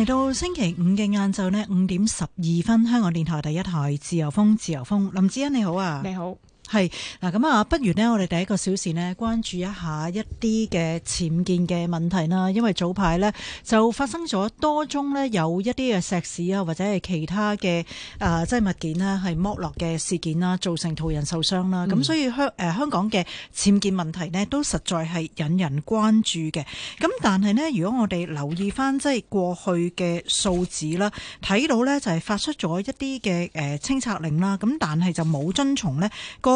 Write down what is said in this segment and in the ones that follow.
嚟到星期五嘅晏晝咧，五點十二分，香港電台第一台自由風，自由風，林子欣你好啊，你好。係嗱，咁啊，不如呢，我哋第一個小時呢，關注一下一啲嘅僭建嘅問題啦。因為早排呢，就發生咗多宗呢，有一啲嘅石屎啊，或者係其他嘅啊、呃，即係物件呢，係剝落嘅事件啦，造成途人受傷啦。咁、嗯、所以香香港嘅僭建問題呢，都實在係引人關注嘅。咁但係呢，如果我哋留意翻即係過去嘅數字啦，睇到呢就係發出咗一啲嘅呃、清拆令啦，咁但係就冇遵從呢。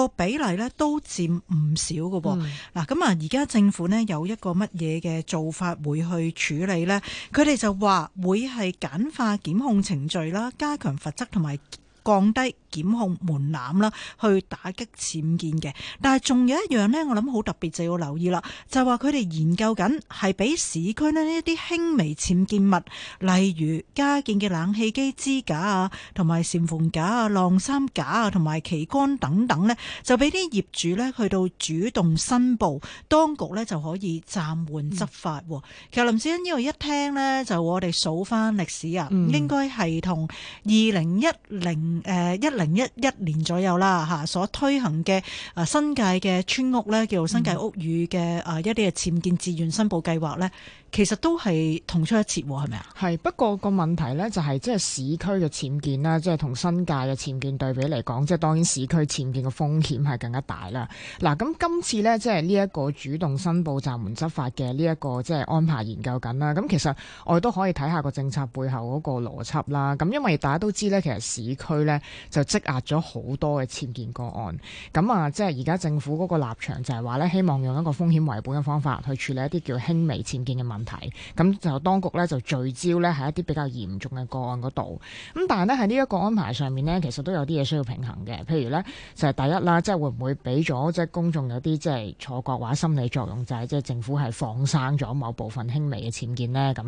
個比例咧都佔唔少嘅，嗱咁啊，而家政府咧有一個乜嘢嘅做法會去處理咧？佢哋就話會係簡化檢控程序啦，加強罰則同埋。.降低檢控門檻啦，去打擊僭建嘅。但係仲有一樣呢，我諗好特別就要留意啦，就話佢哋研究緊係俾市區呢一啲輕微僭建物，例如加建嘅冷氣機支架啊，同埋簷篷架啊、晾衫架啊、同埋旗杆等等呢，就俾啲業主呢去到主動申報，當局呢就可以暫緩執法。嗯、其實林志恩呢度一聽呢，就我哋數返歷史啊、嗯，應該係同二零一零。誒，一零一一年左右啦吓，所推行嘅誒新界嘅村屋咧，叫做新界屋宇嘅誒一啲嘅僭建自願申報計劃咧。其實都係同出一轍，係咪啊？係，不過個問題呢，就係，即係市區嘅僭建啦，即係同新界嘅僭建對比嚟講，即係當然市區僭建嘅風險係更加大啦。嗱、啊，咁今次呢，即係呢一個主動申報閘門執法嘅呢一個即係安排研究緊啦。咁其實我哋都可以睇下個政策背後嗰個邏輯啦。咁因為大家都知呢，其實市區呢就積壓咗好多嘅僭建個案。咁啊，即係而家政府嗰個立場就係話呢，希望用一個風險為本嘅方法去處理一啲叫輕微僭建嘅問題。睇咁就當局咧就聚焦咧喺一啲比較嚴重嘅個案嗰度。咁但係咧喺呢一個安排上面呢，其實都有啲嘢需要平衡嘅。譬如呢，就係、是、第一啦，即係會唔會俾咗即係公眾有啲即係錯覺或者心理作用，就係即係政府係放生咗某部分輕微嘅僭建呢。咁。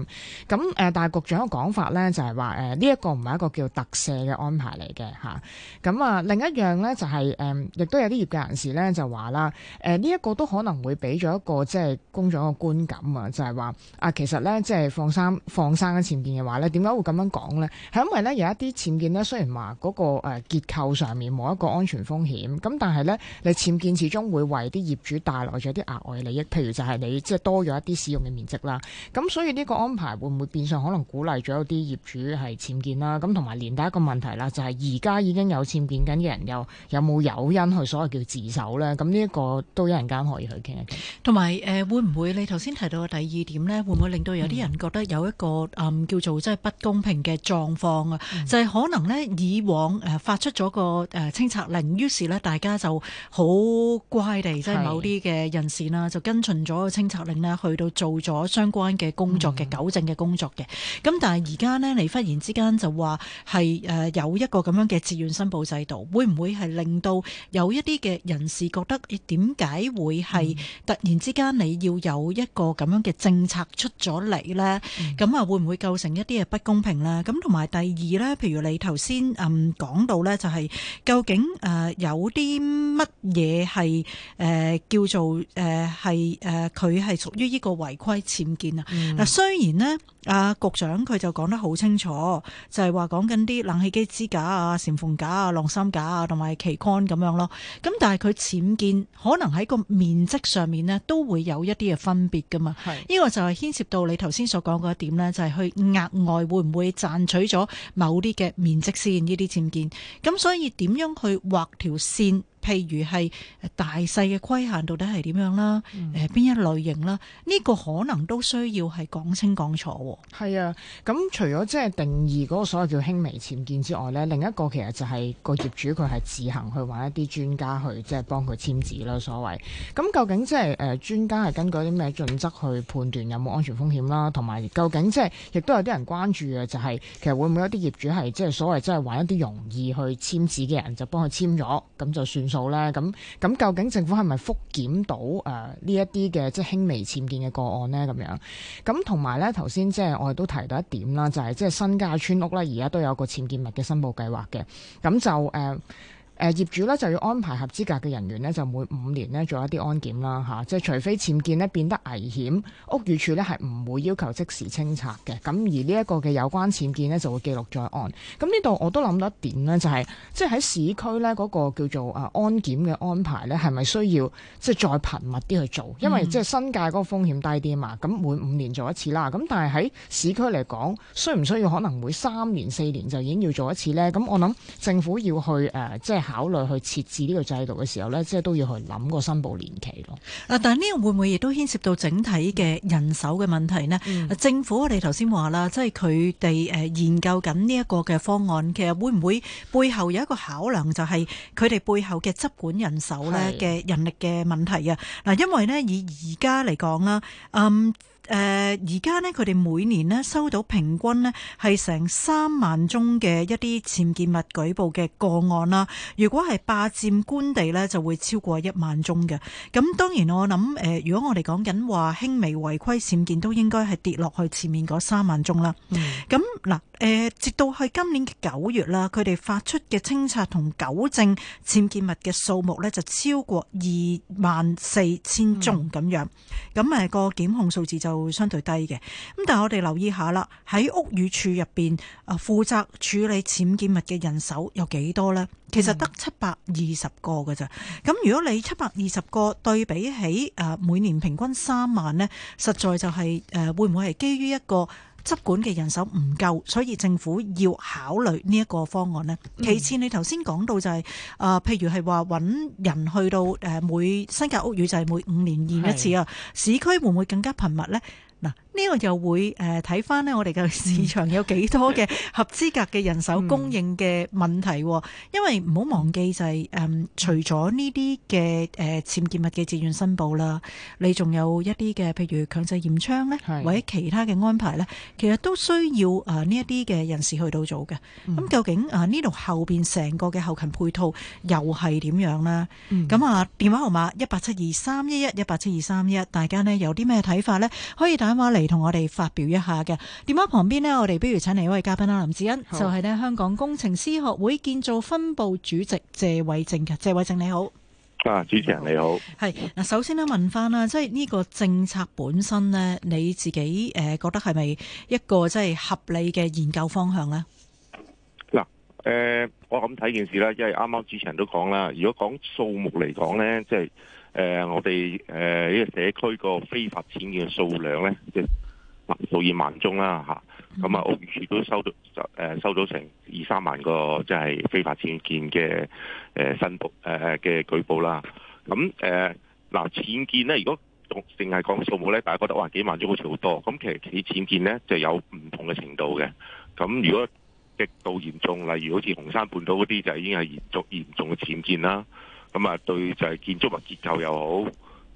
咁誒、呃，但係局長嘅講法呢，就係話誒呢一個唔係一個叫特赦嘅安排嚟嘅嚇。咁啊，啊另一樣呢，就係、是、誒，亦、呃、都有啲業界人士呢，就話啦誒呢一個都可能會俾咗一個即係、就是、公眾一個觀感啊，就係、是、話。啊，其實咧，即係放生放生嘅僭建嘅話咧，點解會咁樣講呢？係因為呢，有一啲僭建呢，雖然話嗰個誒結構上面冇一個安全風險，咁但係呢，你僭建始終會為啲業主帶來咗啲額外利益，譬如就係你即係多咗一啲使用嘅面積啦。咁所以呢個安排會唔會變相可能鼓勵咗一啲業主係僭建啦？咁同埋連帶一個問題啦，就係而家已經有僭建緊嘅人，又有冇誘因去所謂叫自首呢？咁呢一個都有人間可以去傾一傾。同埋誒，會唔會你頭先提到嘅第二點？咧會唔會令到有啲人覺得有一個誒、嗯嗯、叫做即係不公平嘅狀況啊？就係、是、可能咧以往誒發出咗個誒清拆令，於是咧大家就好乖地即係某啲嘅人士啦就跟進咗個清拆令咧，去到做咗相關嘅工作嘅糾正嘅工作嘅。咁、嗯、但係而家咧，你忽然之間就話係誒有一個咁樣嘅自願申報制度，會唔會係令到有一啲嘅人士覺得點解會係突然之間你要有一個咁樣嘅政策？出咗嚟咧，咁啊會唔會構成一啲嘅不公平咧？咁同埋第二咧，譬如你頭先嗯講到咧，就係、是、究竟誒、呃、有啲乜嘢係誒叫做誒係誒佢係屬於呢個違規僭建啊？嗱、嗯，雖然咧，啊局長佢就講得好清楚，就係話講緊啲冷氣機支架啊、簷篷架啊、晾衫架啊同埋旗杆咁樣咯。咁但係佢僭建可能喺個面積上面咧都會有一啲嘅分別噶嘛。係呢、呢個就是。係、就是、牽涉到你頭先所講嗰一點呢就係、是、去額外會唔會賺取咗某啲嘅面積線呢啲僭建，咁所以點樣去畫條線？譬如係大細嘅規限到底係點樣啦？誒、嗯、邊一類型啦？呢、呢個可能都需要係講清講楚。係啊，咁除咗即係定義嗰個所謂叫輕微僭建之外呢，另一個其實就係個業主佢係自行去揾一啲專家去即係幫佢簽字啦。所謂咁究竟即係誒專家係根據啲咩準則去判斷有冇安全風險啦？同埋究竟即係亦都有啲人關注嘅就係其實會唔會一啲業主係即係所謂即係揾一啲容易去簽字嘅人就幫佢簽咗咁就算。到咧咁咁，究竟政府係咪覆檢到誒呢一啲嘅即係輕微僭建嘅個案呢？咁樣咁同埋呢頭先即係我哋都提到一點啦，就係即係新界村屋呢，而家都有個僭建物嘅申報計劃嘅，咁就誒。呃誒業主咧就要安排合資格嘅人員呢就每五年呢做一啲安檢啦嚇，即係除非僭建呢變得危險，屋宇署呢係唔會要求即時清拆嘅。咁而呢一個嘅有關僭建呢，就會記錄在案。咁呢度我都諗到一點呢、就係，就係即係喺市區呢嗰個叫做啊安檢嘅安排呢，係咪需要即係再頻密啲去做？因為即係新界嗰個風險低啲啊嘛，咁、嗯、每五年做一次啦。咁但係喺市區嚟講，需唔需要可能每三年四年就已經要做一次呢？咁我諗政府要去、呃、即係考慮去設置呢個制度嘅時候咧，即係都要去諗個申報年期咯。嗱，但係呢個會唔會亦都牽涉到整體嘅人手嘅問題呢？嗯、政府我哋頭先話啦，即係佢哋誒研究緊呢一個嘅方案，其實會唔會背後有一個考量，就係佢哋背後嘅執管人手咧嘅人力嘅問題啊？嗱，因為呢，以而家嚟講啦，嗯。誒而家呢，佢哋每年呢收到平均呢，係成三萬宗嘅一啲僭建物舉報嘅個案啦。如果係霸佔官地呢，就會超過一萬宗嘅。咁當然我諗，呃、如果我哋講緊話輕微違規僭建，都應該係跌落去前面嗰三萬宗啦。咁、嗯、嗱、呃、直到去今年嘅九月啦，佢哋發出嘅清拆同糾正僭建物嘅數目呢，就超過二萬四千宗咁、嗯、樣，咁、那、誒個檢控數字就。會相對低嘅，咁但係我哋留意下啦，喺屋宇署入邊啊，負責處理僭建物嘅人手有幾多咧？其實得七百二十個嘅咋，咁如果你七百二十個對比起誒每年平均三萬咧，實在就係誒會唔會係基於一個？執管嘅人手唔夠，所以政府要考慮呢一個方案咧。其次，你頭先講到就係、是、誒、呃，譬如係話揾人去到誒、呃、每新界屋宇就係每五年驗一次啊，市區會唔會更加頻密呢？呢、這個又會誒睇翻咧，呃、我哋嘅市場有幾多嘅合資格嘅人手供應嘅問題，嗯、因為唔好忘記就係、是、誒、嗯、除咗呢啲嘅誒僭建物嘅自願申報啦，你仲有一啲嘅譬如強制驗窗咧，或者其他嘅安排咧，其實都需要啊呢一啲嘅人士去到做嘅。咁、嗯、究竟啊呢度後邊成個嘅後勤配套又係點樣咧？咁、嗯、啊電話號碼一八七二三一一一八七二三一，大家咧有啲咩睇法咧？可以打電話嚟。同我哋發表一下嘅電話旁邊呢，我哋不如請嚟一位嘉賓啦，林子欣就係、是、呢香港工程師學會建造分部主席謝偉正嘅，謝偉正你好。啊，主持人你好。係嗱，首先呢，問翻啦，即係呢個政策本身呢，你自己誒、呃、覺得係咪一個即係合理嘅研究方向呢？嗱，誒，我咁睇件事咧，因為，啱啱主持人都講啦，如果講數目嚟講呢，即係。誒、呃，我哋誒呢個社區個非法僭建嘅數量咧，嗱，數以萬宗啦嚇，咁啊屋宇署都收到就誒、呃、收到成二三萬個即係、就是、非法僭建嘅誒申報誒嘅、呃、舉報啦。咁誒嗱，僭建咧，如果凈係講數目咧，大家覺得哇，幾萬宗好似好多。咁其實其僭建咧就有唔同嘅程度嘅。咁如果極度嚴重，例如好似紅山半島嗰啲就已經係嚴重嚴重嘅僭建啦。咁啊，對就係建築物結構又好，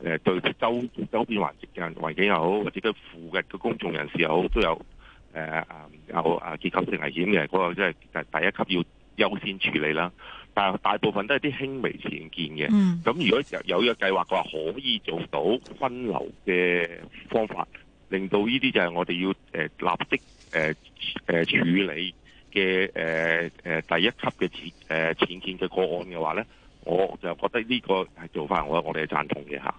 誒對周周邊環境境又好，或者嘅附近嘅公眾人士又好，都有誒誒、呃、有誒結構性危險嘅，嗰、嗰個即係第第一級要優先處理啦。但係大部分都係啲輕微僭建嘅。咁、嗯、如果有有個計劃嘅話，可以做到分流嘅方法，令到呢啲就係我哋要誒立即誒誒、呃、處理嘅誒誒第一級嘅僭誒建嘅個案嘅話咧。我就覺得呢個係做法我我哋係贊同嘅吓、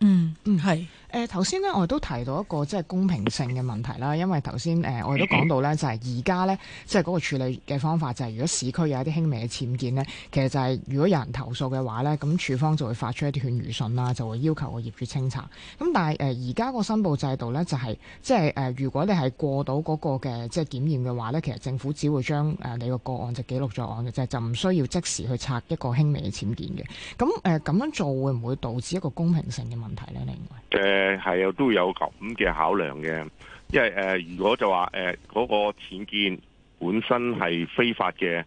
嗯。嗯嗯係。誒頭先咧，我哋都提到一個即係公平性嘅問題啦。因為頭先誒我哋都講到咧，就係而家咧即係嗰個處理嘅方法就係、是，如果市區有一啲輕微嘅僭建咧，其實就係如果有人投訴嘅話咧，咁處方就會發出一啲勸喻信啦，就會要求個業主清拆。咁但係誒而家個申報制度咧，就係、是、即係誒、呃、如果你係過到嗰個嘅即係檢驗嘅話咧，其實政府只會將誒你個個案就記錄在案嘅啫，就唔、是、需要即時去拆一個輕微嘅僭建嘅。咁誒咁樣做會唔會導致一個公平性嘅問題咧？你認為？誒係啊，都有咁嘅考量嘅，因為誒、呃，如果就話誒嗰個僭建本身係非法嘅，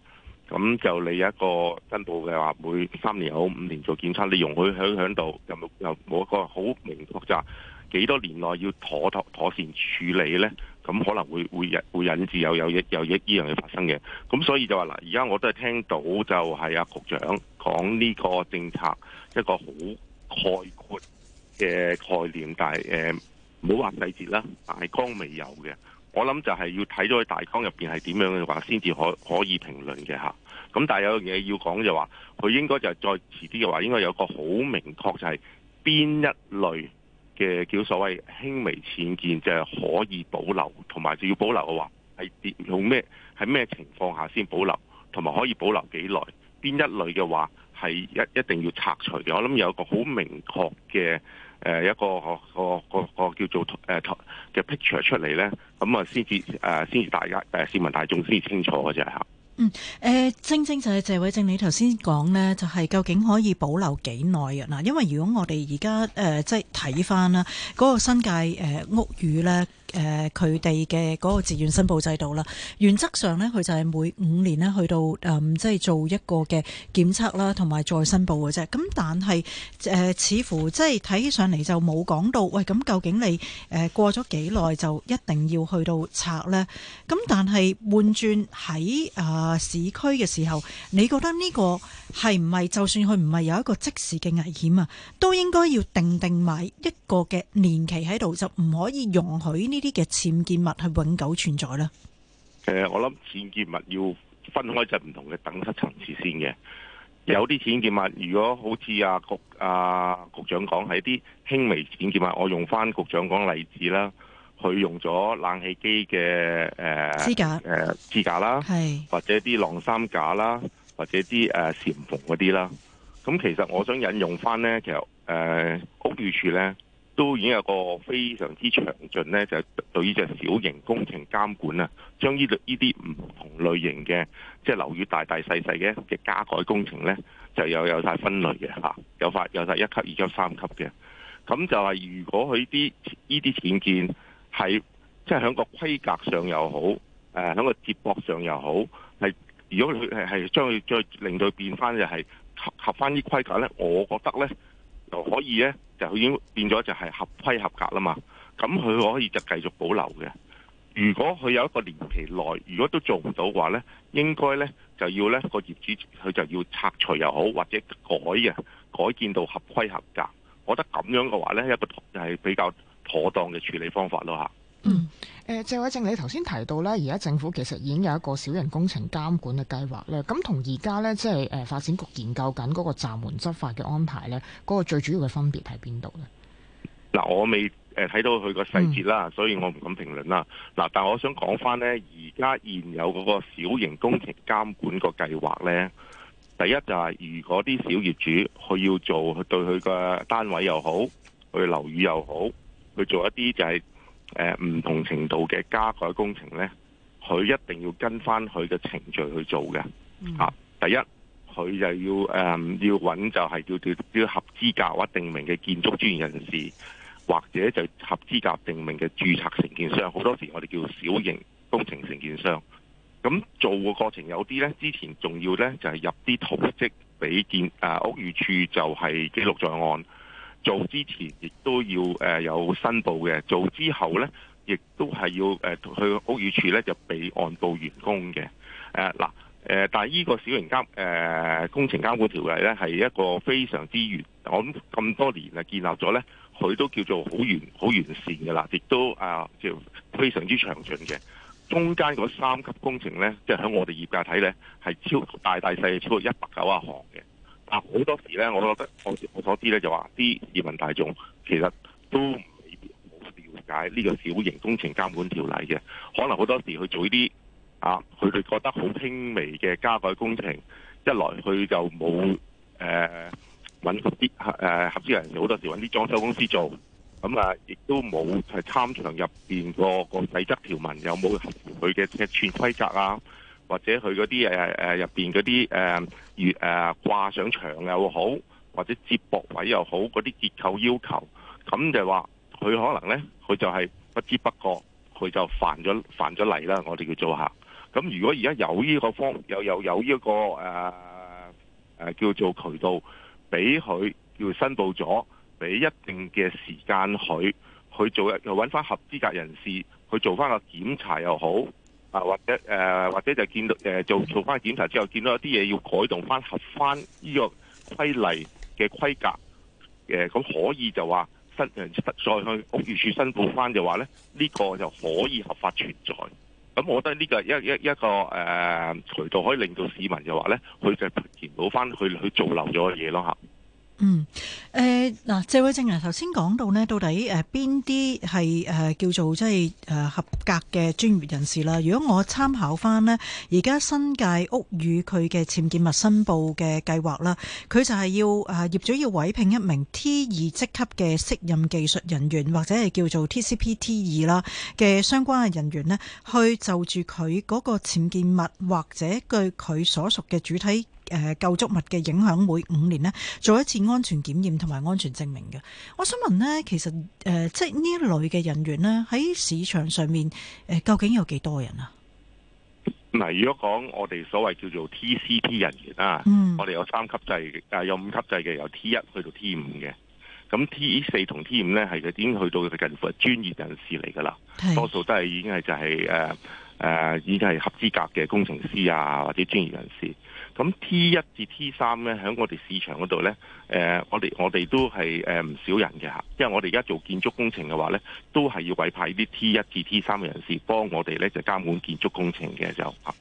咁就你一個申報嘅話，每三年好五年做檢測，你容許響響度，又冇又冇一個好明確就係幾多年內要妥妥善處理咧？咁可能會會引引致有有益有益依樣嘢發生嘅，咁所以就話嗱，而家我都係聽到就係阿、啊、局長講呢個政策一個好概括。嘅概念，但係誒唔好話細節啦。大綱未有嘅，我諗就係要睇咗大綱入邊係點樣嘅話先至可可以評論嘅吓，咁但係有樣嘢要講就話、是，佢應該就係再遲啲嘅話應該有個好明確就係邊一類嘅叫所謂輕微僭建，就係、是、可以保留，同埋就要保留嘅話，係點用咩？係咩情況下先保留，同埋可以保留幾耐？邊一類嘅話，係一一定要拆除嘅？我諗有一個好明確嘅。誒、呃、一個一個一個，一個，一個叫做誒嘅、呃、picture 出嚟咧，咁啊先至誒先至大家誒市民大眾先至清楚嘅啫嚇。嗯誒，正、呃、正就係謝偉正你頭先講咧，就係、是、究竟可以保留幾耐啊？嗱，因為如果我哋而家誒即係睇返啦，嗰個新界誒、呃、屋宇咧。誒佢哋嘅嗰個自願申報制度啦，原則上呢佢就係每五年呢去到誒即係做一個嘅檢測啦，同埋再申報嘅啫。咁但係誒似乎即係睇起上嚟就冇講到，喂咁究竟你誒過咗幾耐就一定要去到拆呢？咁但係換轉喺誒市區嘅時候，你覺得呢個？係唔係？就算佢唔係有一個即時嘅危險啊，都應該要定定埋一個嘅年期喺度，就唔可以容許呢啲嘅僭建物係永久存在啦。誒、呃，我諗僭建物要分開就唔同嘅等級層次先嘅。有啲僭建物，如果好似阿局阿局長講，係一啲輕微僭建物，我用翻局長講例子，呃呃，啦，佢用咗冷氣機嘅誒支架誒支架啦，係或者啲晾衫架啦。或者啲誒、呃、蟬縫嗰啲啦，咁其實我想引用翻呢，其實誒屋宇署呢都已經有個非常之詳盡呢，就是、對於只小型工程監管啊，將呢度啲唔同類型嘅即係樓宇大大細細嘅嘅加改工程呢，就又有晒分類嘅有分有晒一級、二級、三級嘅。咁就係如果佢啲呢啲僭建係即係喺個規格上又好，誒、呃、喺個接駁上又好係如果佢係係將佢再令到變翻就係合合翻啲規格呢。我覺得呢就可以呢，就已經變咗就係合規合格啦嘛。咁佢可以就繼續保留嘅。如果佢有一個年期內，如果都做唔到嘅話呢，應該呢就要呢個業主佢就要拆除又好，或者改嘅改建到合規合格。我覺得咁樣嘅話呢，一個係比較妥當嘅處理方法咯嚇。嗯，誒，謝偉正，你頭先提到咧，而家政府其實已經有一個小型工程監管嘅計劃咧。咁同而家咧，即係誒發展局研究緊嗰個閘門執法嘅安排咧，嗰、嗰個最主要嘅分別喺邊度咧？嗱，我未誒睇到佢個細節啦，所以我唔敢評論啦。嗱，但係我想講翻咧，而家現有嗰個小型工程監管個計劃咧，第一就係如果啲小業主佢要做，對佢個單位又好，佢樓宇又好，去做一啲就係、係。誒、呃，唔同程度嘅加改工程呢，佢一定要跟翻佢嘅程序去做嘅、嗯。啊，第一佢就要誒、呃，要揾就係叫叫叫合資格或定名嘅建築專業人士，或者就合資格定名嘅註冊承建商。好多時我哋叫小型工程承建商。咁做嘅過程有啲呢，之前仲要呢，就係、是、入啲圖則俾建啊、呃、屋宇處，就係記錄在案。做之前亦都要誒有申報嘅，做之後呢亦都係要誒去屋宇署呢，就備案報完工嘅。誒嗱誒，但係依個小型監誒、呃、工程監管條例呢，係一個非常之完，我諗咁多年啊建立咗呢，佢都叫做好完好完善嘅啦，亦都啊即、呃、非常之詳盡嘅。中間嗰三級工程呢，即係喺我哋業界睇呢，係超大大細超過一百九啊行嘅。啊！好多時咧，我覺得我我所知咧就話啲市民大眾其實都唔了解呢個小型工程監管條例嘅，可能好多時去做呢啲啊，佢哋覺得好輕微嘅加蓋工程，一來佢就冇誒揾啲誒合資人，好多時揾啲裝修公司做，咁、嗯、啊亦都冇係參詳入邊個個細則條文有冇合佢嘅嘅全規格啊。或者佢嗰啲誒誒入邊嗰啲誒如掛上牆又好，或者接駁位又好，嗰啲結構要求，咁就話，佢可能咧，佢就係不知不覺，佢就犯咗犯咗例啦。我哋叫做客。咁如果而家有呢個方有有有呢個誒誒、呃呃、叫做渠道，俾佢叫申報咗，俾一定嘅時間佢去做，又穩翻合資格人士去做翻個檢查又好。啊，或者誒、呃，或者就見到誒，做做翻檢查之後，見到一啲嘢要改動翻、合翻呢個規例嘅規格，咁、呃、可以就話失再去屋宇署申報翻嘅話咧，呢、這個就可以合法存在。咁我覺得呢個一一一,一個誒渠、呃、道可以令到市民話呢就話咧，佢就填補翻佢去做漏咗嘅嘢咯嚇。嗯，誒、呃、嗱謝偉正人頭先講到咧，到底誒邊啲係誒叫做即係誒合格嘅專業人士啦？如果我參考翻咧，而家新界屋宇佢嘅僭建物申報嘅計劃啦，佢就係要誒業主要委聘一名 T 二職級嘅適任技術人員或者係叫做 TCPT 二啦嘅相關嘅人員咧，去就住佢嗰個僭建物或者據佢所屬嘅主體。誒，構築物嘅影響，每五年呢做一次安全檢驗同埋安全證明嘅。我想問呢，其實誒、呃，即係呢類嘅人員呢，喺市場上面、呃、究竟有幾多人啊？嗱，如果講我哋所謂叫做 TCP 人員啊、嗯，我哋有三級制，有五級制嘅，由 T 一去到 T 五嘅。咁 T 四同 T 五呢，係嘅，已經去到嘅近乎係專業人士嚟噶啦，多數都係已經係就係誒誒，已經係合資格嘅工程師啊，或者專業人士。咁 T 一至 T 三咧，響我哋市場嗰度咧，誒、呃，我哋我哋都係誒唔少人嘅吓，因為我哋而家做建築工程嘅話咧，都係要委派啲 T 一至 T 三嘅人士幫我哋咧就監管建築工程嘅就吓。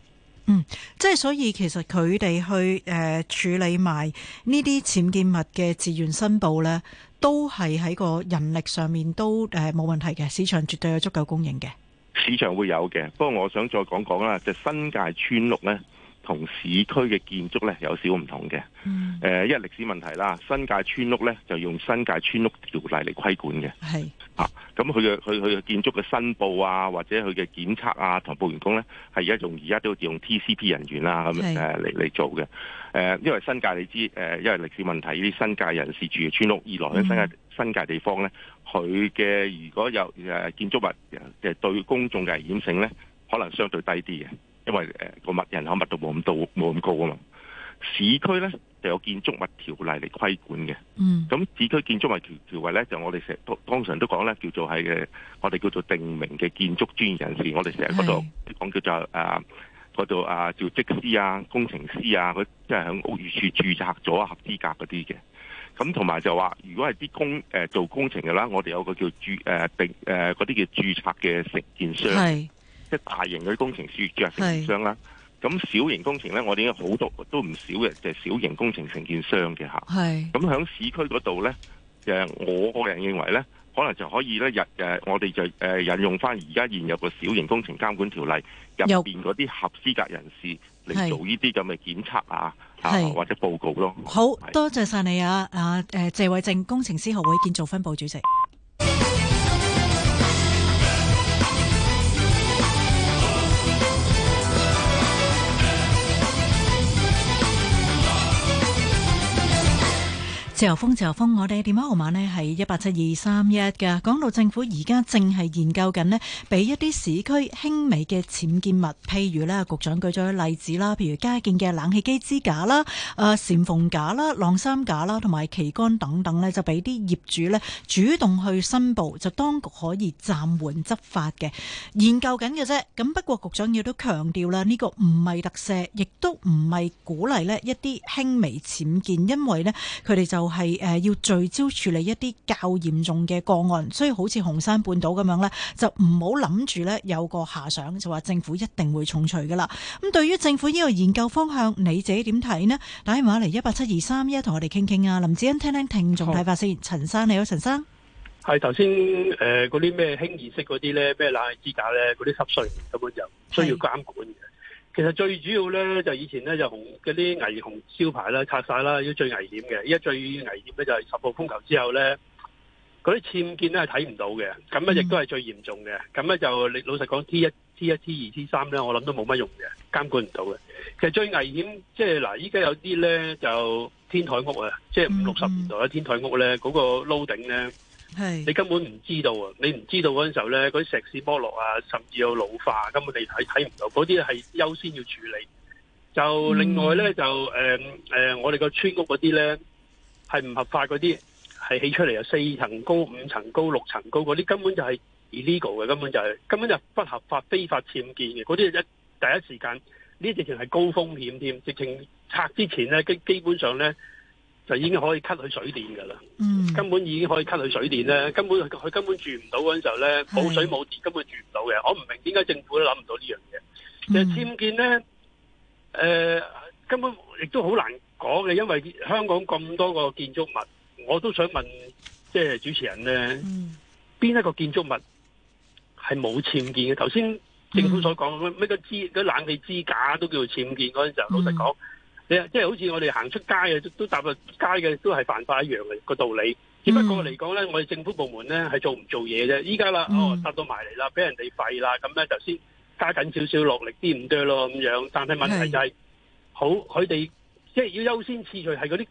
嗯，即係所以其實佢哋去誒、呃、處理埋呢啲僭建物嘅自願申報咧，都係喺個人力上面都誒冇、呃、問題嘅，市場絕對有足夠供應嘅。市場會有嘅，不過我想再講講啦，就新界村屋咧，同市區嘅建築咧有少唔同嘅，因為歷史問題啦，新界村屋咧就用新界村屋條例嚟規管嘅，係啊，咁佢嘅佢佢嘅建築嘅申報啊，或者佢嘅檢測啊，同部員工咧係而家用而家都要用 TCP 人員啦，咁誒嚟嚟做嘅，誒因為新界你知誒，因為歷史問題，啊啊啊、呢啲、啊啊呃、新，新界人士住嘅村屋，二來喺新界、嗯、新界地方咧，佢嘅如果有誒建築物嘅、就是、對公眾嘅危險性咧，可能相對低啲嘅。因為誒個物人口密度冇咁多，冇咁高啊嘛，市區咧就有建築物條例嚟規管嘅。嗯，咁市區建築物條條例咧就我哋成日通常都講咧叫做係嘅、呃，我哋叫做定名嘅建築專業人士。我哋成日嗰度講叫做、呃、啊度啊叫則師啊，工程師啊，即係響屋宇署註冊咗合資格嗰啲嘅。咁同埋就話，如果係啲工誒、呃、做工程嘅啦，我哋有個叫註誒、呃、定誒啲、呃、叫註冊嘅承建商。即、就、係、是、大型嗰啲工程業者承建商啦，咁小型工程咧，我哋已經好多都唔少嘅，就是、小型工程承建商嘅嚇。係。咁喺市區嗰度咧，誒、就是，我個人認為咧，可能就可以咧，日誒，我哋就誒引用翻而家現有個小型工程監管條例入邊嗰啲合資格人士嚟做呢啲咁嘅檢測啊，嚇、啊、或者報告咯。好多謝晒你啊，啊誒謝偉正工程師學會建造分部主席。自由風，自由風，我哋嘅電話號碼呢係一八七二三一嘅。港澳政府而家正係研究緊呢，俾一啲市區輕微嘅僭建物，譬如呢，局長舉咗例子啦，譬如加建嘅冷氣機支架啦、啊簷篷架啦、晾衫架啦，同埋旗杆等等呢就俾啲業主呢主動去申報，就當局可以暫緩執法嘅研究緊嘅啫。咁不過局長亦都強調啦，呢、呢個唔係特赦，亦都唔係鼓勵呢一啲輕微僭建，因為呢佢哋就。係誒，要聚焦處理一啲較嚴重嘅個案，所以好似紅山半島咁樣咧，就唔好諗住咧有個遐想，就話政府一定會重錘噶啦。咁對於政府呢個研究方向，你自己點睇呢？打電話嚟一八七二三一，同我哋傾傾啊！林志欣，聽聽聽眾睇法先。陳生你好，陳生係頭先誒，嗰啲咩輕型式嗰啲咧，咩冷氣支架咧，嗰啲濕碎根本就需要監管嘅。其實最主要咧，就以前咧，就紅嗰啲霓虹招牌啦，拆晒啦，依最危險嘅。依家最危險咧就係十號風球之後咧，嗰啲僭建咧係睇唔到嘅，咁咧亦都係最嚴重嘅。咁咧就你老實講，T 一、T 一、T 二、T 三咧，我諗都冇乜用嘅，監管唔到嘅。其實最危險即係嗱，依家有啲咧就天台屋啊，即係五六十年代嘅天台屋咧，嗰個樓頂咧。係你根本唔知道啊！你唔知道嗰陣時候咧，嗰啲石屎剝落啊，甚至有老化，根本你睇睇唔到。嗰啲係優先要處理。就另外咧，就誒誒、呃呃，我哋個村屋嗰啲咧係唔合法嗰啲，係起出嚟有四層高、五層高、六層高嗰啲，根本就係 illegal 嘅，根本就係根本就不合法、非法僭建嘅。嗰啲一第一時間，呢直情係高風險添，直情拆之前咧，基基本上咧，就已經可以 cut 去水電嘅啦、嗯，根本已經可以 cut 去水電咧，根本佢根本住唔到嗰陣時候咧，冇水冇電，根本住唔到嘅。我唔明點解政府都諗唔到呢樣嘢。其實僭建咧，誒、呃、根本亦都好難講嘅，因為香港咁多個建築物，我都想問，即、呃、係主持人咧，邊、嗯、一個建築物係冇僭建嘅？頭先政府所講咩咩支冷氣支架都叫做僭建嗰陣時候，嗯、老實講。即、就、係、是、好似我哋行出街嘅，都搭踏街嘅，都係犯法一樣嘅個道理。只不過嚟講咧，我哋政府部門咧係做唔做嘢啫。依家啦，哦，搭到埋嚟啦，俾人哋廢啦，咁咧就先加緊少少落力啲唔多咯，咁樣。但係問題就係、是、好佢哋即係要優先次序係嗰啲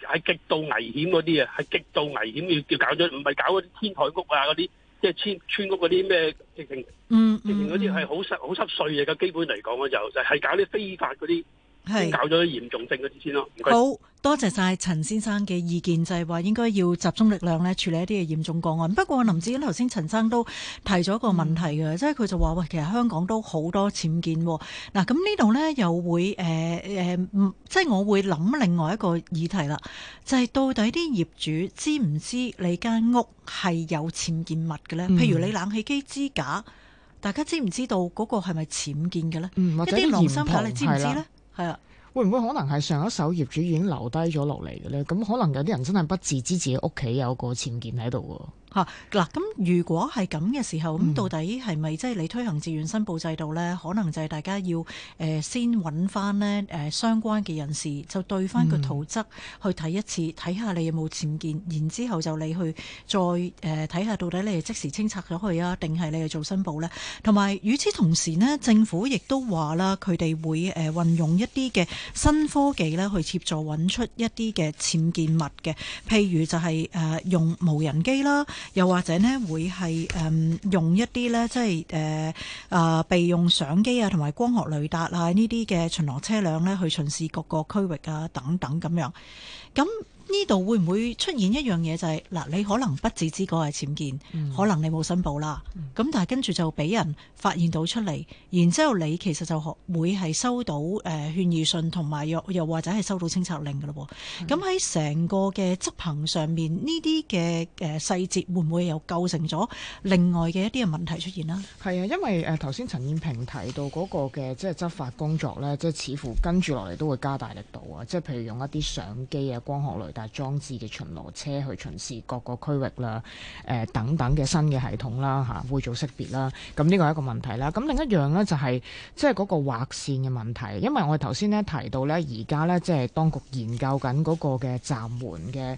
就係極度危險嗰啲啊，係極度危險要要搞咗，唔係搞嗰啲天台屋啊嗰啲，即係村村屋嗰啲咩直情形。嗯嗯，嗰啲係好濕好濕碎嘅，基本嚟講就是、就係、是、搞啲非法嗰啲。係搞咗嚴重性嗰啲先咯。好多謝晒陳先生嘅意見，就係、是，話應該要集中力量咧處理一啲嘅嚴重個案。不過林志頭先，陳生都提咗個問題嘅，即係佢就話、是、喂，其實香港都好多僭建。嗱，咁呢度咧又會誒誒、呃呃，即係我會諗另外一個議題啦，就係、是、到底啲業主知唔知你間屋係有僭建物嘅咧、嗯？譬如你冷氣機支架，大家知唔知道嗰個係咪僭建嘅咧、嗯？一啲良心架，你知唔知咧？係啊，會唔會可能係上一手業主已經留低咗落嚟嘅咧？咁可能有啲人真係不自知，自己屋企有個僭建喺度。嗱、啊，咁如果係咁嘅時候，咁到底係咪即係你推行自願申報制度呢？嗯、可能就係大家要先揾翻呢相關嘅人士，就對翻個圖則去睇一次，睇下你有冇僭建，然之後就你去再睇下到底你係即時清拆咗佢啊，定係你去做申報呢？同埋與此同時呢，政府亦都話啦，佢哋會誒運用一啲嘅新科技呢，去協助揾出一啲嘅僭建物嘅，譬如就係用無人機啦。又或者呢會係誒、嗯、用一啲咧，即係誒啊備用相機啊，同埋光學雷達啊呢啲嘅巡邏車輛咧、啊，去巡視各個區域啊，等等咁樣咁。呢度會唔會出現一樣嘢，就係嗱，你可能不自知個係僭建，可能你冇申報啦，咁、嗯、但係跟住就俾人發現到出嚟，然之後你其實就學會係收到誒、呃、勸喻信同埋又又或者係收到清拆令嘅咯喎。咁喺成個嘅執行上面，呢啲嘅誒細節會唔會有構成咗另外嘅一啲嘅問題出現啦？係啊，因為誒頭先陳燕平提到嗰個嘅即係執法工作咧，即係似乎跟住落嚟都會加大力度啊，即係譬如用一啲相機啊、光學類。但裝置嘅巡邏車去巡視各個區域啦，誒、呃、等等嘅新嘅系統啦嚇、啊，會做識別啦。咁、啊、呢、這個係一個問題啦。咁、啊、另一樣呢，就係即係嗰個劃線嘅問題，因為我哋頭先呢提到呢，而家呢，即、就、係、是、當局研究緊嗰個嘅閘門嘅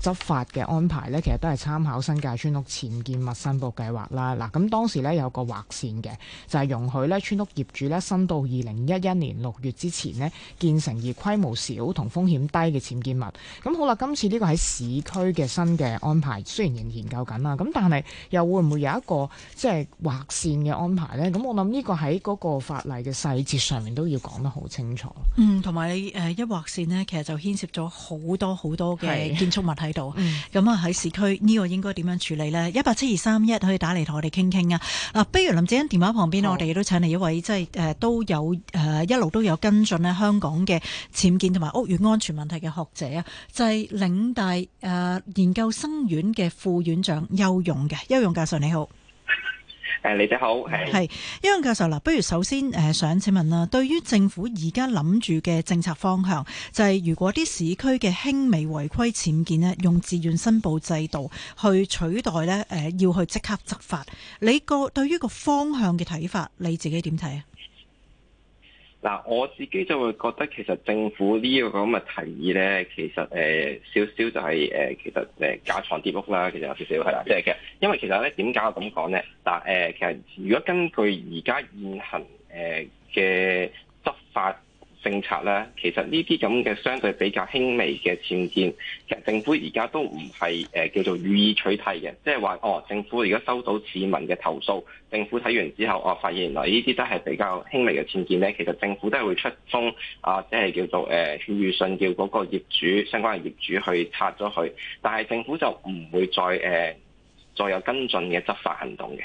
誒執法嘅安排呢，其實都係參考新界村屋僭建物申報計劃啦。嗱、啊，咁、啊、當時呢，有一個劃線嘅，就係、是、容許呢村屋業主呢，申到二零一一年六月之前呢，建成而規模小同風險低嘅僭建物。咁好啦，今次呢個喺市區嘅新嘅安排，雖然仍研究緊啦，咁但係又會唔會有一個即係劃線嘅安排呢？咁我諗呢個喺嗰個法例嘅細節上面都要講得好清楚。嗯，同埋你誒一劃線呢，其實就牽涉咗好多好多嘅建築物喺度。咁啊喺市區呢個應該點樣處理呢？一八七二三一可以打嚟同我哋傾傾啊。嗱，比如林子欣電話旁邊，我哋都請嚟一位即係誒都有誒一路都有跟進咧香港嘅僭建同埋屋苑安全問題嘅學者啊。係嶺大誒研究生院嘅副院長邱勇嘅邱勇教授你好，誒，你哋好係。邱勇教授嗱，不如首先誒、呃、想請問啦，對於政府而家諗住嘅政策方向，就係、是、如果啲市區嘅輕微違規僭建咧，用自願申報制度去取代咧，誒、呃、要去即刻執法，你個對於個方向嘅睇法，你自己點睇啊？嗱、啊，我自己就會覺得其實政府個呢個咁嘅提議咧，其實誒、呃、少少就係、是、誒、呃、其實誒、呃、假藏跌屋啦，其實有少少係啦，即係嘅、就是。因為其實咧點解我咁講咧？嗱誒、呃，其實如果根據而家現行誒嘅。呃政策咧，其實呢啲咁嘅相對比較輕微嘅僭建，其實政府而家都唔係誒叫做予以取締嘅，即係話哦，政府而家收到市民嘅投訴，政府睇完之後哦，發現原來呢啲都係比較輕微嘅僭建咧，其實政府都係會出封啊，即、就、係、是、叫做誒勸喻信叫嗰個業主，相關嘅業主去拆咗佢，但係政府就唔會再誒、呃、再有跟進嘅執法行動嘅。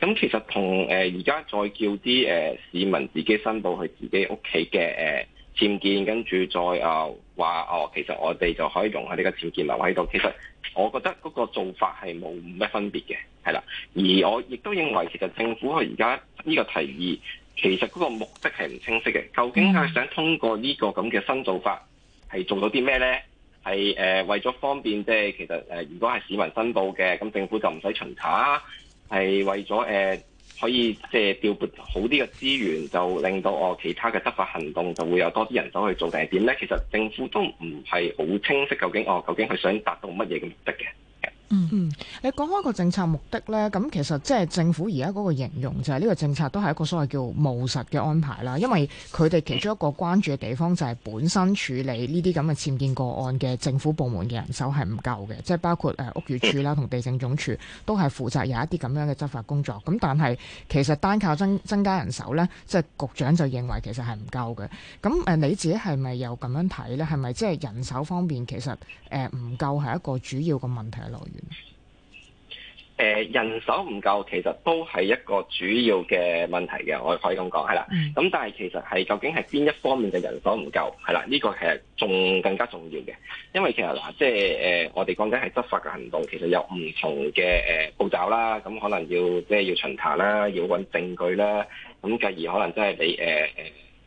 咁其實同誒而家再叫啲誒市民自己申報去自己屋企嘅誒僭建，跟住再啊話哦，其實我哋就可以用下呢個僭建樓喺度。其實我覺得嗰個做法係冇咩分別嘅，係啦。而我亦都認為其實政府而家呢個提議，其實嗰個目的係唔清晰嘅。究竟佢想通過呢個咁嘅新做法係做到啲咩咧？係誒為咗方便，即係其實誒如果係市民申報嘅，咁政府就唔使巡查。係為咗誒、呃，可以即係調撥好啲嘅資源，就令到我其他嘅執法行動就會有多啲人手去做，定係點呢？其實政府都唔係好清晰究竟，我、哦、究竟佢想達到乜嘢嘅目的嘅。嗯，你講開個政策目的呢，咁其實即係政府而家嗰個形容就係呢個政策都係一個所謂叫務實嘅安排啦。因為佢哋其中一個關注嘅地方就係本身處理呢啲咁嘅僭建個案嘅政府部門嘅人手係唔夠嘅，即係包括誒屋宇署啦同地政總署都係負責有一啲咁樣嘅執法工作。咁但係其實單靠增增加人手呢，即係局長就認為其實係唔夠嘅。咁誒你自己係咪又咁樣睇呢？係咪即係人手方面其實誒唔夠係一個主要嘅問題來源？誒人手唔夠，其實都係一個主要嘅問題嘅，我可以咁講，係啦。咁、mm. 但係其實係究竟係邊一方面嘅人手唔夠，係啦？呢個其實仲更加重要嘅，因為其實嗱，即係誒，我哋講緊係執法嘅行動，其實有唔同嘅誒步驟啦。咁可能要即係要巡查啦，要揾證據啦。咁繼而可能即係你誒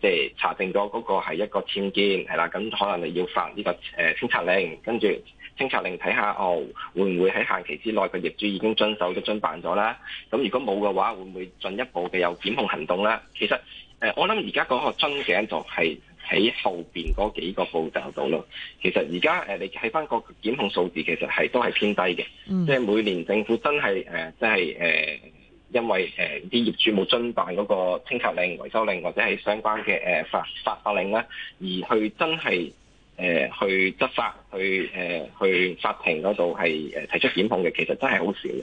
即係查證咗嗰個係一個僭建係啦。咁可能你要發呢個誒清拆令，跟住。清拆令睇下哦，會唔會喺限期之內，個業主已經遵守咗遵辦咗啦？咁如果冇嘅話，會唔會進一步嘅有檢控行動咧？其實誒，我諗而家嗰個樽頸就係喺後邊嗰幾個步驟度咯。其實而家誒，你睇翻個檢控數字，其實係都係偏低嘅，嗯，即係每年政府真係誒，即係誒，因為誒啲、呃、業主冇遵辦嗰個清拆令、維修令或者係相關嘅誒、呃、法法法令咧，而去真係。誒、呃、去執法，去誒、呃、去法庭嗰度係提出檢控嘅，其實真係好少嘅。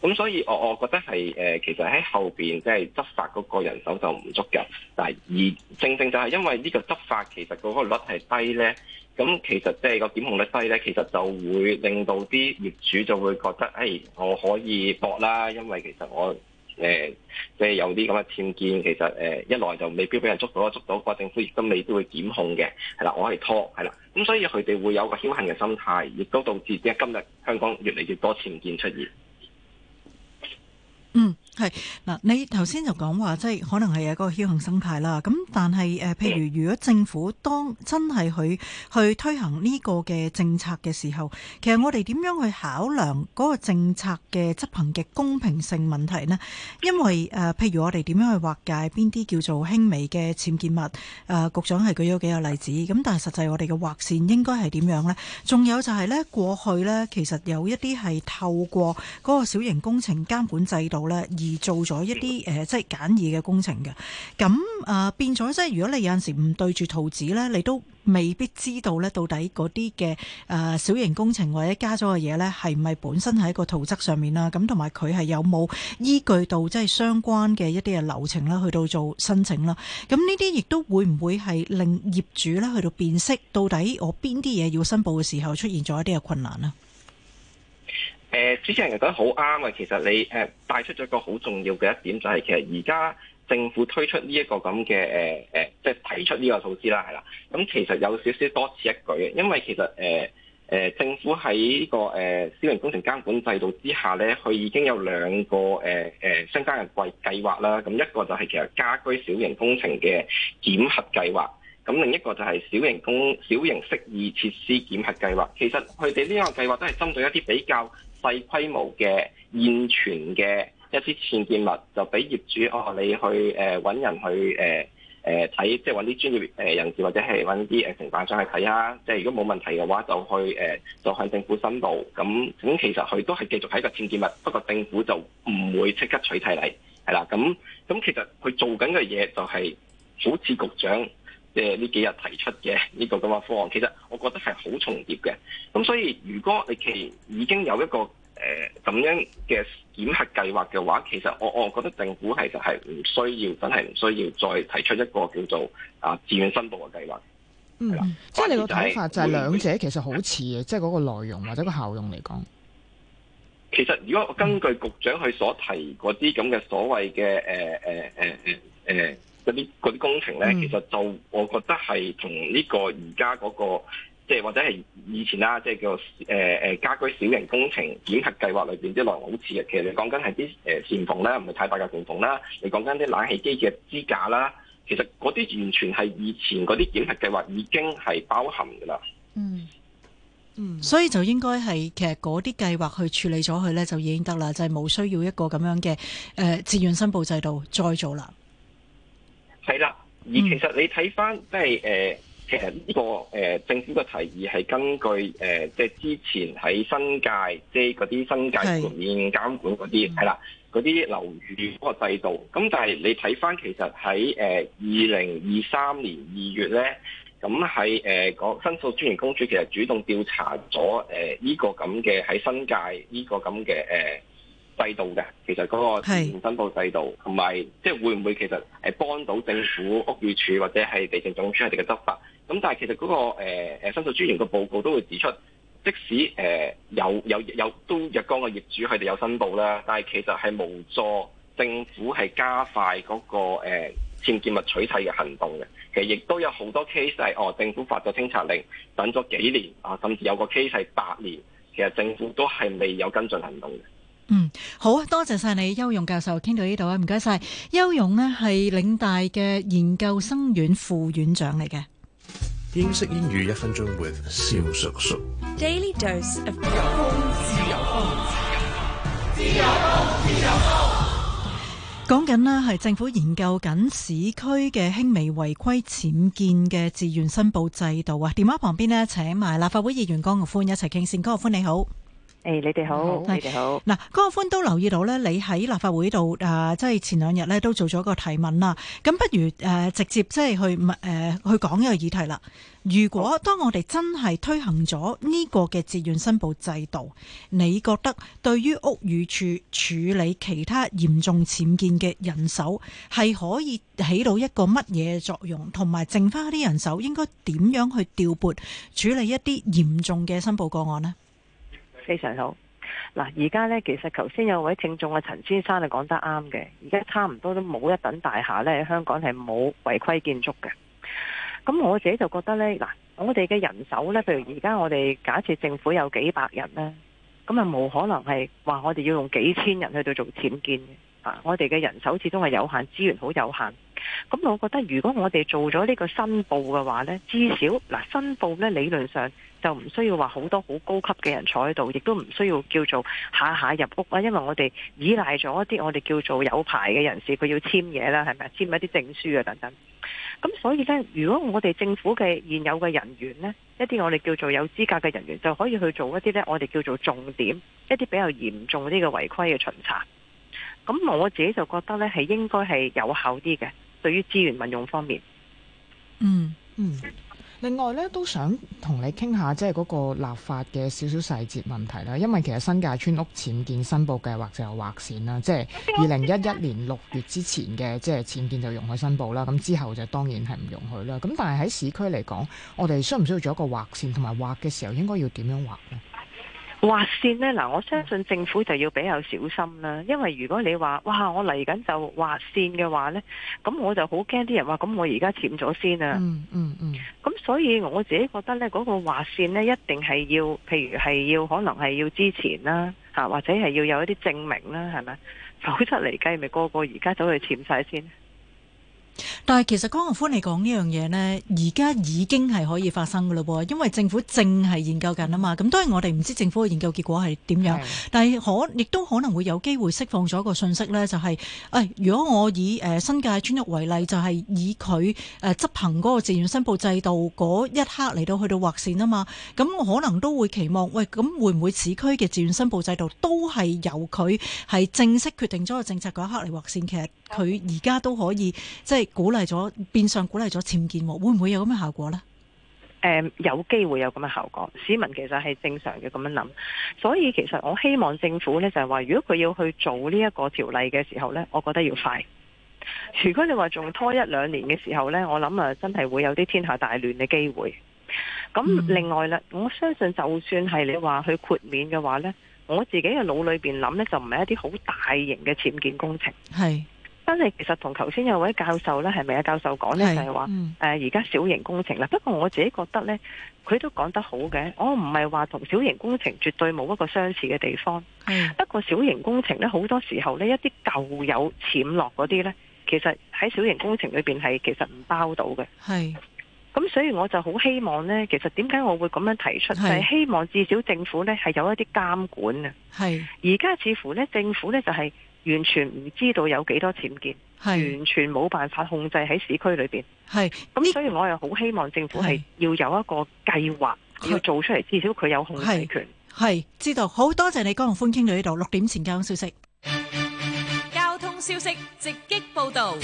咁所以我我覺得係誒、呃，其實喺後面，即係執法嗰個人手就唔足㗎。但係而正正就係因為呢個執法其實嗰個率係低咧，咁其實即係個檢控率低咧，其實就會令到啲業主就會覺得，誒、哎、我可以搏啦，因為其實我。誒即係有啲咁嘅僭建，其實誒、呃、一來就未必俾人捉到，捉到個政府亦都未必會檢控嘅，係啦，我係拖，係啦，咁所以佢哋會有個僥倖嘅心態，亦都導致今日香港越嚟越多僭建出現。係嗱，你頭先就講話即係可能係一個僥倖心態啦。咁但係譬如如果政府當真係去去推行呢個嘅政策嘅時候，其實我哋點樣去考量嗰個政策嘅執行嘅公平性問題呢？因為誒，譬如我哋點樣去劃界邊啲叫做輕微嘅僭建物？誒、啊，局長係舉咗幾個例子。咁但係實際我哋嘅劃線應該係點樣呢？仲有就係呢，過去呢，其實有一啲係透過嗰個小型工程監管制度呢。而做咗一啲誒、呃，即係簡易嘅工程嘅，咁啊、呃、變咗，即係如果你有陣時唔對住圖紙咧，你都未必知道咧，到底嗰啲嘅誒小型工程或者加咗嘅嘢咧，係唔係本身喺個圖則上面啦？咁同埋佢係有冇依據到即係相關嘅一啲嘅流程啦，去到做申請啦？咁呢啲亦都會唔會係令業主咧去到辨識到底我邊啲嘢要申報嘅時候出現咗一啲嘅困難咧？誒主持人又講得好啱啊！其實你誒帶出咗一個好重要嘅一點，就係其實而家政府推出呢一個咁嘅誒誒，即係提出呢個措施啦，係啦。咁其實有少少多此一舉嘅，因為其實誒誒政府喺呢個誒小型工程監管制度之下咧，佢已經有兩個誒誒相關嘅計計劃啦。咁一個就係其實家居小型工程嘅檢核計劃，咁另一個就係小型工小型適宜設施檢核計劃。其實佢哋呢個計劃都係針對一啲比較細規模嘅現存嘅一啲僭建物，就俾業主哦，你去誒揾、呃、人去誒誒睇，即係揾啲專業誒人士或者係揾啲誒承辦商去睇啊。即係如果冇問題嘅話，就去誒、呃，就向政府申報。咁咁其實佢都係繼續喺個僭建物，不過政府就唔會即刻取締你，係啦。咁咁其實佢做緊嘅嘢就係、是、好似局長。即係呢幾日提出嘅呢個咁嘅方案，其實我覺得係好重疊嘅。咁所以，如果你其已經有一個誒咁、呃、樣嘅檢核計劃嘅話，其實我我覺得政府其就係、係、唔需要，真係唔需要再提出一個叫做啊自願申報嘅計劃。嗯，即係你個睇法就係兩者其實好似嘅，即係嗰個內容或者個效用嚟講。其實如果根據局長佢所提嗰啲咁嘅所謂嘅誒誒誒誒誒。呃呃呃呃嗰啲啲工程咧、嗯，其實就我覺得係同呢個而家嗰個，即、就、係、是、或者係以前啦，即、就、係、是、叫誒誒、呃、家居小型工程檢核計劃裏邊啲內容好似嘅。其實你講緊係啲誒線縫啦，唔係太大嘅線縫啦。你講緊啲冷氣機嘅支架啦，其實嗰啲完全係以前嗰啲檢核計劃已經係包含噶啦。嗯嗯，所以就應該係其實嗰啲計劃去處理咗佢咧，就已經得啦，就係、是、冇需要一個咁樣嘅誒自願申報制度再做啦。係啦，而其實你睇翻即係誒，其實呢個誒政府嘅提議係根據誒，即係之前喺新界即係嗰啲新界全面監管嗰啲，係啦嗰啲樓宇嗰個制度。咁但係你睇翻其實喺誒二零二三年二月咧，咁喺誒嗰申訴專員公署其實主動調查咗誒呢個咁嘅喺新界呢個咁嘅誒。制度嘅，其實嗰個申報制度，同埋即係會唔會其實係幫到政府屋宇署或者係地政總署佢哋嘅執法？咁但係其實嗰、那個誒、呃、申訴專員嘅報告都會指出，即使誒、呃、有有有都日光嘅業主佢哋有申報啦，但係其實係無助政府係加快嗰、那個誒僭、呃、建，建物取締嘅行動嘅。其實亦都有好多 case 係哦，政府發咗清拆令，等咗幾年啊，甚至有個 case 係八年，其實政府都係未有跟進行動嘅。嗯，好啊，多謝晒你，邱勇教授，傾到呢度啊，唔該晒。邱勇呢係嶺大嘅研究生院副院長嚟嘅。英式英語一分鐘 with 肖叔叔。Daily dose of 自由，自，由自由風，自由風，自由風，自由風。講緊咧係政府研究緊市區嘅輕微違規僭建嘅自願申報制度啊！電話旁邊呢，請埋立法會議員江玉歡一齊傾。江玉歡你好。誒、hey, 嗯，你哋好，你哋好。嗱，江玉歡都留意到咧，你喺立法會度誒，即、呃、係前兩日咧都做咗個提問啦。咁不如誒、呃，直接即係去誒、呃、去講一個議題啦。如果當我哋真係推行咗呢個嘅自願申報制度，你覺得對於屋宇署處理其他嚴重僭建嘅人手係可以起到一個乜嘢作用？同埋，剩返啲人手應該點樣去調撥處理一啲嚴重嘅申報個案呢？非常好。嗱，而家呢，其實頭先有位聽眾嘅陳先生講得啱嘅。而家差唔多都冇一等大廈呢。香港係冇違規建築嘅。咁我自己就覺得呢，嗱，我哋嘅人手呢，譬如而家我哋假設政府有幾百人呢，咁啊冇可能係話我哋要用幾千人去到做僭建嘅。啊，我哋嘅人手始終係有限，資源好有限。咁我覺得如果我哋做咗呢個申報嘅話呢，至少嗱申報呢，理論上。就唔需要話好多好高級嘅人坐喺度，亦都唔需要叫做下下入屋啊！因為我哋依賴咗一啲我哋叫做有牌嘅人士，佢要簽嘢啦，係咪啊？簽一啲證書啊，等等。咁所以呢，如果我哋政府嘅現有嘅人員呢，一啲我哋叫做有資格嘅人員就可以去做一啲呢，我哋叫做重點一啲比較嚴重啲嘅違規嘅巡查。咁我自己就覺得呢，係應該係有效啲嘅，對於資源運用方面。嗯嗯。另外咧，都想同你傾下，即係嗰個立法嘅少少細節問題啦。因為其實新界村屋僭建申報計劃就有劃線啦，即係二零一一年六月之前嘅，即係僭建就容許申報啦。咁之後就當然係唔容許啦。咁但係喺市區嚟講，我哋需唔需要做一個劃線，同埋劃嘅時候應該要點樣劃呢？劃線呢，嗱，我相信政府就要比較小心啦，因為如果你話，哇，我嚟緊就劃線嘅話呢，咁我就好驚啲人話，咁我而家潛咗先啊。嗯嗯咁、嗯、所以我自己覺得呢嗰、嗰個劃線呢，一定係要，譬如係要，可能係要之前啦，吓，或者係要有一啲證明啦，係咪？否則嚟計，咪個個而家走去潛晒先。但係其實，江玉歡嚟講呢樣嘢呢，而家已經係可以發生噶咯，因為政府正係研究緊啊嘛。咁當然我哋唔知道政府嘅研究結果係點樣，但係可亦都可能會有機會釋放咗個信息，呢就係、是、誒、哎,如果我以誒、呃、新界村屋為例，就係、是、以佢誒執行嗰個自願申報制度嗰一刻嚟到去到劃線啊嘛。咁我可能都會期望，喂，咁會唔會市區嘅自願申報制度都係由佢係正式決定咗個政策嗰一刻嚟劃線？其實佢而家都可以是即係。鼓勵咗，變相鼓勵咗僭建，會唔會有咁嘅效果呢？誒、嗯，有機會有咁嘅效果，市民其實係正常嘅咁樣諗，所以其實我希望政府呢就係話，如果佢要去做呢一個條例嘅時候呢，我覺得要快。如果你話仲拖一兩年嘅時候呢，我諗啊，真係會有啲天下大亂嘅機會。咁另外啦、嗯，我相信就算係你話去豁免嘅話呢，我自己嘅腦裏邊諗呢，就唔係一啲好大型嘅僭建工程，係。真係其實同頭先有位教授咧，係咪啊教授講咧，就係話誒而家小型工程啦。不過我自己覺得咧，佢都講得好嘅。我唔係話同小型工程絕對冇一個相似嘅地方。不過小型工程咧，好多時候咧，一啲舊有僭建嗰啲咧，其實喺小型工程裏邊係其實唔包到嘅。係咁，所以我就好希望咧，其實點解我會咁樣提出，就係、是、希望至少政府咧係有一啲監管啊。係而家似乎咧，政府咧就係、是。完全唔知道有幾多僭建，完全冇辦法控制喺市區裏面。係咁，所以我又好希望政府係要有一個計劃，要做出嚟，至少佢有控制權。係知道，好多謝你江玉歡傾到呢度。六點前交通消息，交通消息直擊報導。